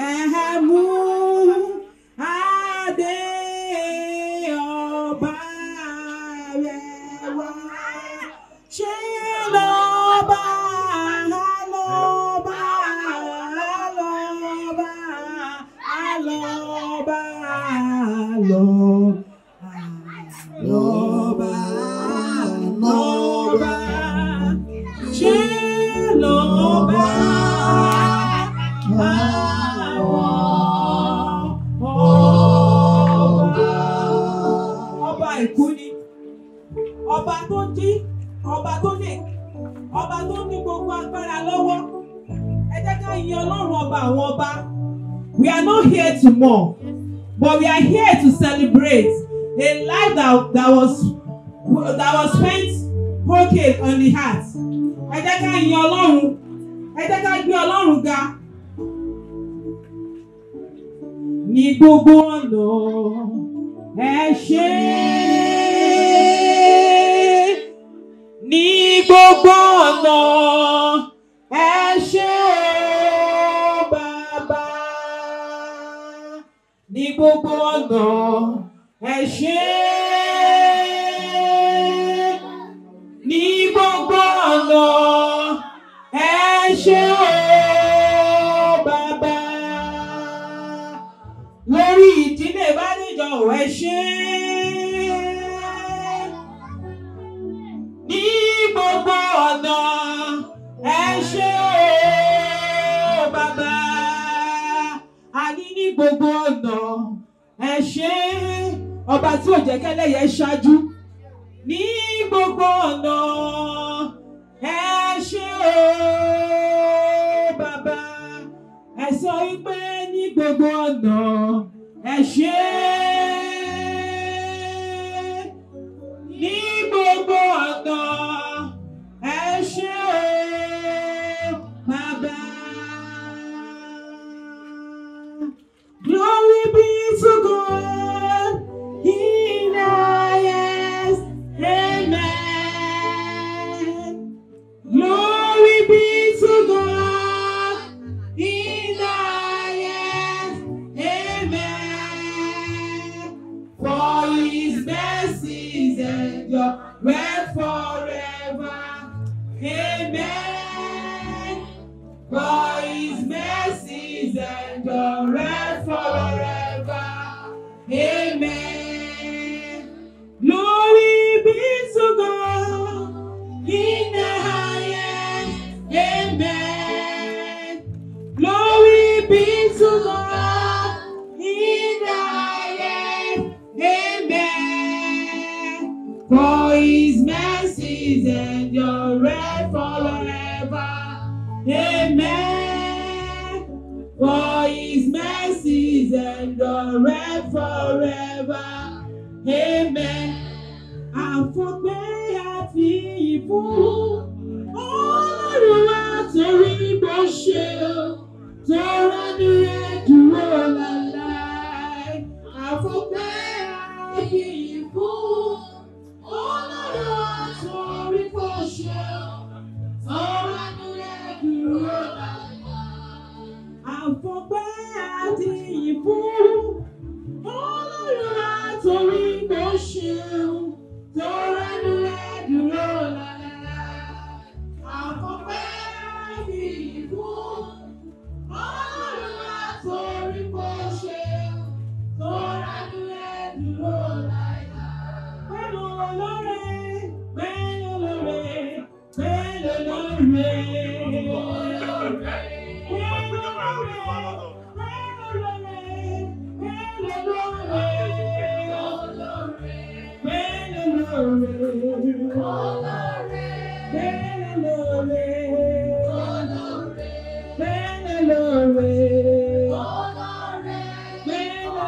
É ẹ̀yin ọlọ́run ọba àwọn ọba we are not here to mourn but we are here to celebrate a life that, that was that was spent broken on the heart ẹ jẹ́ ká yin ọlọ́run ẹ jẹ́ ká gbé ọlọ́run ga ní gbogbo ọ̀nà ẹ ṣé ní gbogbo ọ̀nà. gbogbo ọ̀nà ẹ ṣé ní gbogbo ọ̀nà ẹ ṣé o bàbá lórí ìdílé ìbánijọ ẹ ṣé. ní gbogbo ọ̀nà ẹ yín ní gbogbo ọ̀nà ẹ ṣé ọba tí ò jẹ́ kẹ́lẹ́yẹ ṣáájú ní gbogbo ọ̀nà ẹ ṣé o bàbá ẹ sọ wípé ní gbogbo ọ̀nà ẹ ṣé. Glory. kú ó rọra torí bó ṣe tọrọ ní.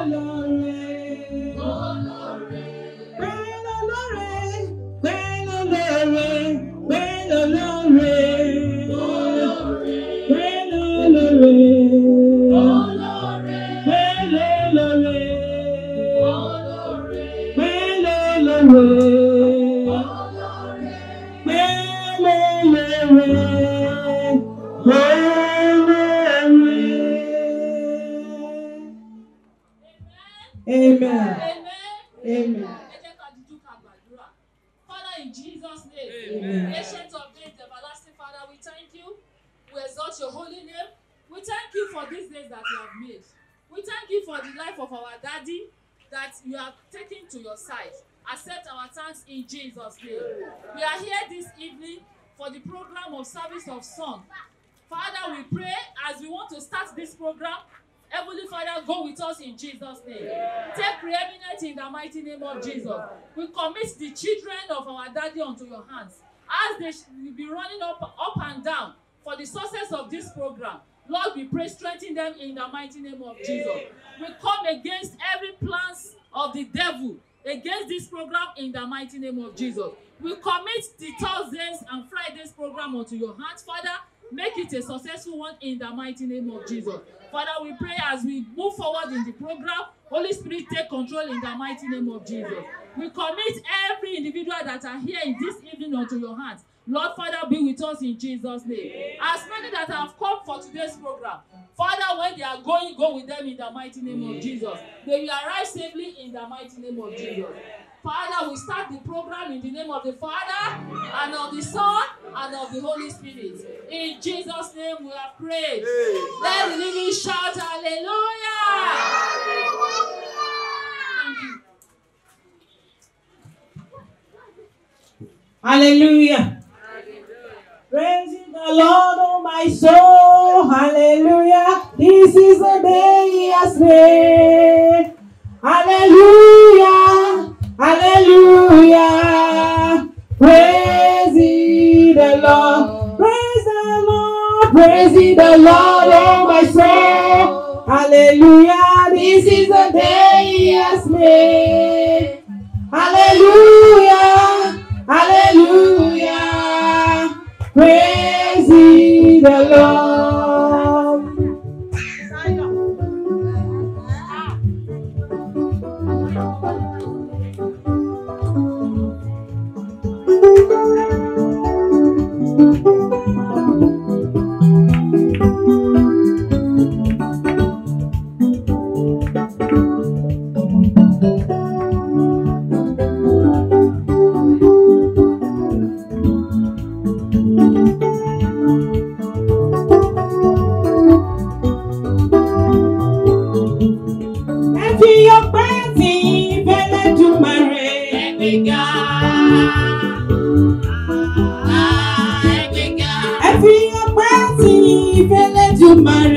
alone. prayer. Father, in Jesus' name, Amen. ancient of days, everlasting Father, we thank you. We exalt your holy name. We thank you for these days that you have made. We thank you for the life of our daddy that you have taken to your side. Accept our thanks in Jesus' name. We are here this evening for the program of service of song. Father, we pray as we want to start this program, Heavenly Father, go with us in Jesus' name. Yeah. Take preeminence in the mighty name of Jesus. We commit the children of our daddy unto your hands. As they will be running up, up and down for the success of this program, Lord, we pray, strengthen them in the mighty name of Jesus. Amen. We come against every plans of the devil against this program in the mighty name of Jesus. We commit the Thursdays and Fridays program unto your hands, Father. Make it a successful one in the mighty name of Jesus. Father, we pray as we move forward in the program, Holy Spirit, take control in the mighty name of Jesus. We commit every individual that are here in this evening unto your hands. Lord, Father, be with us in Jesus' name. As many that have come for today's program, Father, when they are going, go with them in the mighty name of Jesus. They will arrive safely in the mighty name of Jesus. Father, we start the program in the name of the Father, and of the Son, and of the Holy Spirit. In Jesus' name we have prayed. Amen. Let the living shout hallelujah. Hallelujah. Hallelujah! Praising the Lord, oh my soul. Hallelujah. This is the day he has made. Hallelujah. praising the Lord, oh my soul. Hallelujah, this is the day he has made. Hallelujah. you my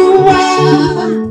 you ever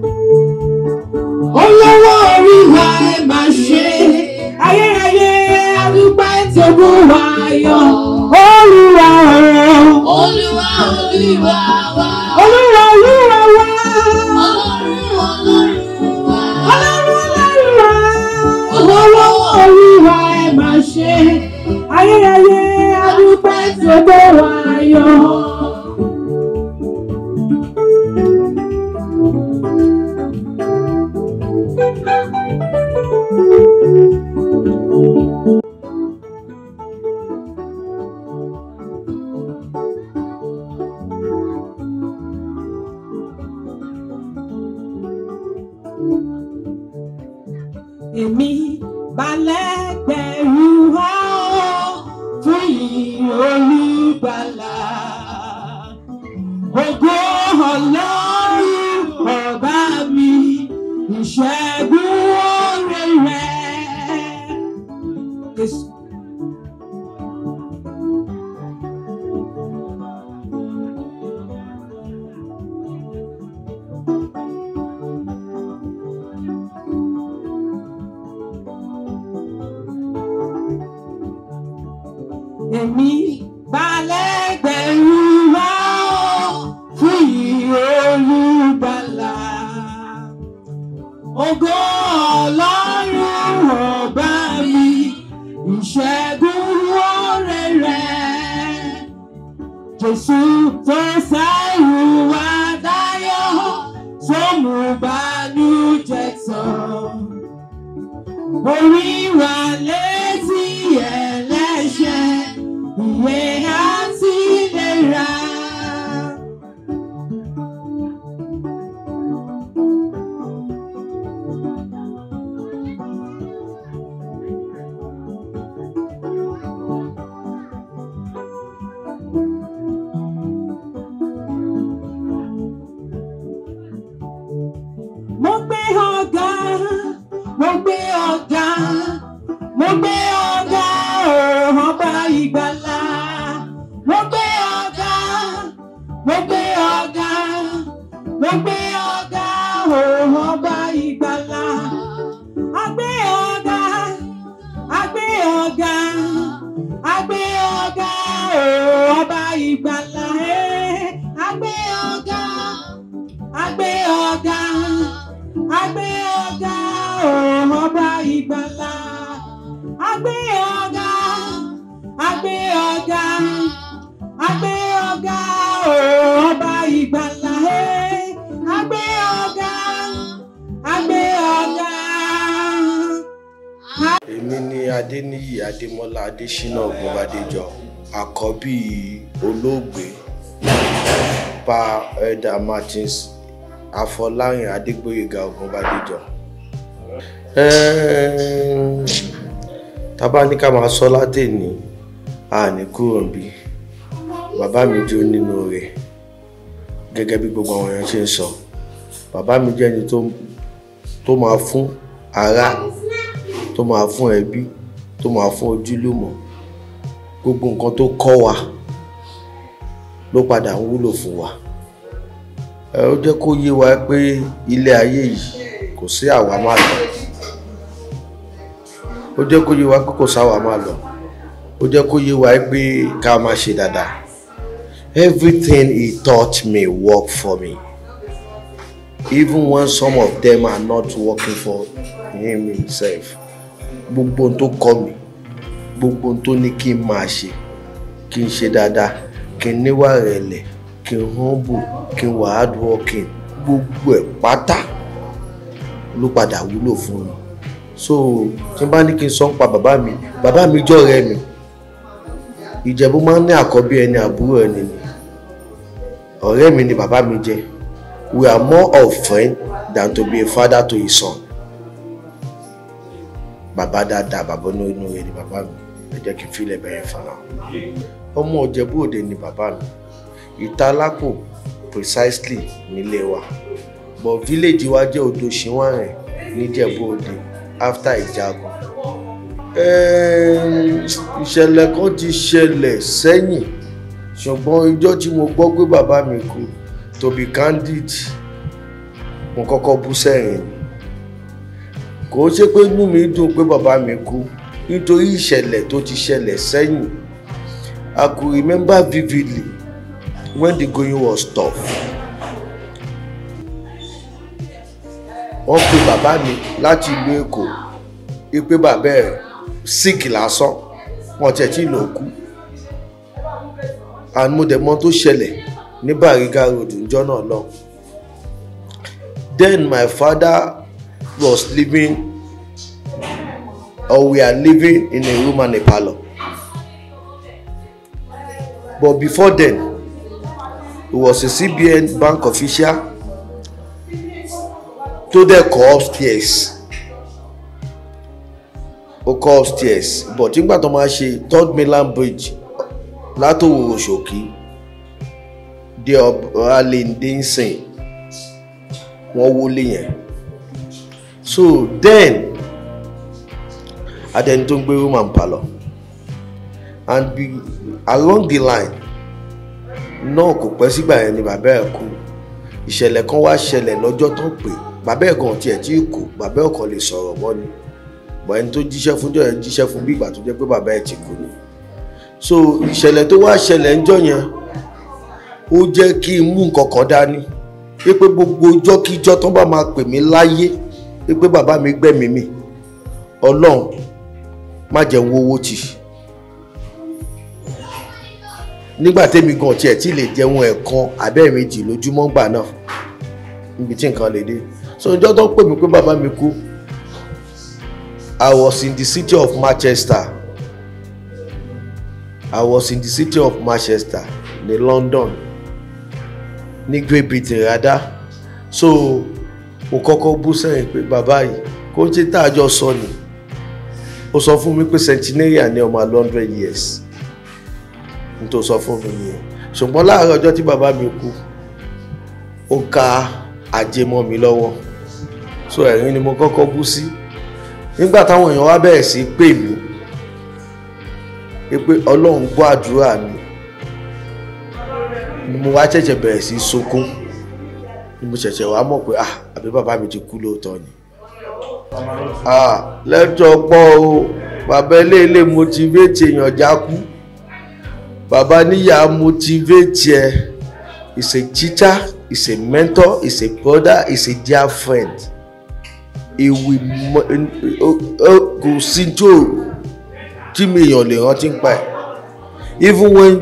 mo gbé ọ̀gá mo gbé ọ̀gá ọba ìgbàlá mo gbé ọ̀gá mo gbé ọ̀gá mo gbé. agbé ọ̀gá agbé ọ̀gá agbé ọ̀gá ọba ìgbàlá agbé ọ̀gá agbé ọ̀gá. èmi ni adéníyì adémọlá adésínà ògùnbàdéjọ àkọ́bí olóògbé pa elder martins afọláyìn adégbòyèga ògùnbàdéjọ. Um, tábà ní ká máa sọ látè ní àní kúrò níbí bàbá mi jó nínú rẹ̀ gẹ́gẹ́ bí gbogbo àwọn èèyàn ṣe ń sọ bàbá mi jẹ́ ẹni tó máa fún ará tó máa fún ẹbí tó máa fún ojúlùmọ̀ gbogbo nǹkan tó kọ́ wa ló padà ń wúlò fún wa ẹ ó jẹ́ kó yé wa pé ilé ayé yìí kò sí àwa má lọ ó jẹ́ kó yé wa pé sáwà máa lọ ó jẹ́ kó yé wa pé ká máa ṣe dáadáa everything he taught me work for me even when some of them are not working for him himself gbogbo ohun tó kọ́ mi gbogbo ohun tó ní kí n máa ṣe kí n ṣe dáadáa kí n níwà rẹ̀lẹ̀ kí n humble kí n wà hardworking gbogbo ẹ̀ pátá ló padà wúlò fún mi so tí n bá ní kí n sọ ń pa bàbá mi bàbá mi jọ ọ̀rẹ́ mi ìjẹ̀bú máa ń ní àkọ́bí ẹni àbúrò ẹni ni ọ̀rẹ́ mi ni bàbá mi jẹ́ we are more of friend than to be a father to his son bàbá dáadáa bàbá onínú rẹ ni bàbá mi ẹ jẹ́ kí n fi ilẹ̀ bẹ̀rẹ̀ fara ọmọ ọ̀jẹ̀bú òde ni bàbá mi ìtalákò precisely nílé wa but village wa jẹ́ odò ṣìwọ̀n rẹ̀ níjẹ̀bú òde after ìjagun ìṣẹ̀lẹ̀ kan ti ṣẹlẹ̀ sẹ́yìn ṣùgbọ́n ọjọ́ tí mo gbọ́ pé bàbá mi kú to be candid mo kọ́kọ́ bú sẹ́yìn kò ṣe pé inú mi dùn pé bàbá mi kú nítorí ìṣẹ̀lẹ̀ tó ti ṣẹlẹ̀ sẹ́yìn I could remember vividly when the going was tough. wọ́n pe bàbá mi láti ìlú èkó ipe bàbá ẹ̀ sick lásán wọn tiẹ̀ tí lò kú tó ṣẹlẹ̀ ní Bariga Road níjọ́ náà lọ then my father was living or we are living in a room and a parlour but before then he was a CBN bank official tó dẹ̀ kọ́ upstairs ó kọ́ upstairs but nígbà tó máa ṣe third mainland bridge látòwò òṣòkí dé alendinsin wọ́n wọlé yẹn so then adẹni tó ń gbé roman palọ and be along the line náà kò pẹ́ sígbà yẹn ni bàbá ẹ̀ kú ìṣẹ̀lẹ̀ kan wá ṣẹlẹ̀ lọ́jọ́ tó pè é bàbá ẹ̀gàn tiẹ̀ tí kù bàbá ọ̀kan lè sọ̀rọ̀ mọ́ ni bọ̀ ẹni tó jíṣẹ́ fúnjọ́ yẹn jíṣẹ́ fún bí ìgbà tó jẹ́ pé bàbá ẹ̀ ti kú ni so ìṣẹ̀lẹ̀ tó wá ṣẹlẹ̀ ńjọ́ yẹn ó jẹ́ kí n mú nǹkan kan dání pé gbogbo ọjọ́kíjọ́ tó bá máa pè mí láyé pé bàbá mi gbẹ̀mí mi ọlọ́run má jẹ́ ń wówó nígbà tẹ́mi gan tiẹ̀ tí lè jẹun ẹ̀kan abẹ́ẹ̀mejì lójúmọ́ gbà náà níbi tí nǹkan lè dé so ìjọ tó pè mí pé bàbá mi kú I was in the city of Manchester I was in the city of Manchester ní London ní Great Britain rather so mo kọ́kọ́ bú sẹ́yìn pé bàbá yìí kó ń ṣe tá a jọ sọ ni ó sọ fún mi pé centenarian ni ọmọ àlọ́ndrẹ́ years n tó sọ fún mi nìyẹn ṣùgbọ́n láàárọ̀ ọjọ́ tí bàbá mi kú ó ka ajé mi lọ́wọ́ so ẹ̀rín ni mo kọ́kọ́ bú sí nígbà táwọn èèyàn wá bẹ̀rẹ̀ sí pè mí pé ọlọ́run gbọ́ àdúrà mi ni mo wá ṣẹ̀ṣẹ̀ bẹ̀rẹ̀ sí sunkún ni mo ṣẹ̀ṣẹ̀ wá mọ̀ pé ah àbí bàbá mi ti kú lóòótọ́ ni ah lẹ́jọ́ pọ̀ o bàbá eléèlé motivate èèyàn jákú bàbá níyà motivate ẹ is a teacher is a mentor is a brother is a dear friend ewì kò sí tó tí mi èèyàn lè rántí ń pa ẹ̀ even when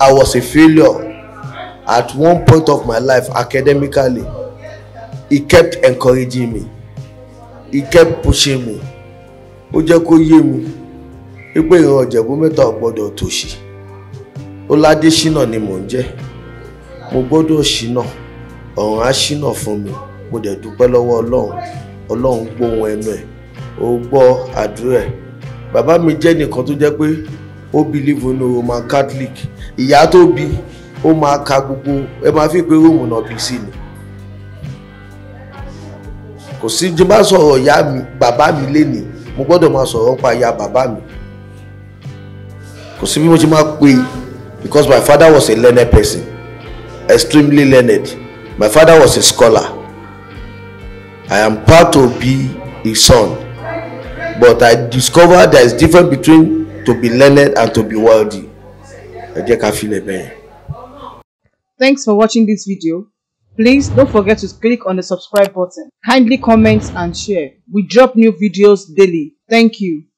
I was a failure at one point of my life academically he kept encouraging me he kept pushing me ó jẹ́ kó yé mi wípé ìran ọ̀jẹ̀bú mẹ́ta ò gbọ́dọ̀ tòṣì ó ládé ṣínà ni mò ń jẹ́ mo gbọ́dọ̀ ṣínà ọ̀run á ṣínà fún mi mo dẹ̀ dúpẹ́ lọ́wọ́ Ọlọ́run ọlọ́run gbọ́ ohun ẹnu ẹ̀ ó gbọ́ àdúrà ẹ̀ bàbá mi jẹ́ nìkan tó jẹ́ pé ó believe in roman catholic ìyá tó bí ó máa ka gbogbo ẹ máa fi pé róòmù náà bí sí ni kò sí jẹ bá sọ̀rọ̀ ìyá mi bàbá mi lénìí mo gbọ́dọ̀ máa sọ̀rọ̀ nípa ìyá bàbá mi kò sí bí mo ṣe máa pè because my father was a learned person extremely learned my father was a scholar I am proud to be a son, but I discovered there is difference between to be learned and to be worthy. Ẹ jẹ́ ká filẹ̀ bẹ́ẹ̀. Thanks for watching this video. Please don't forget to click on the subscribe button. Kindly comment and share. We drop new videos daily. Thank you.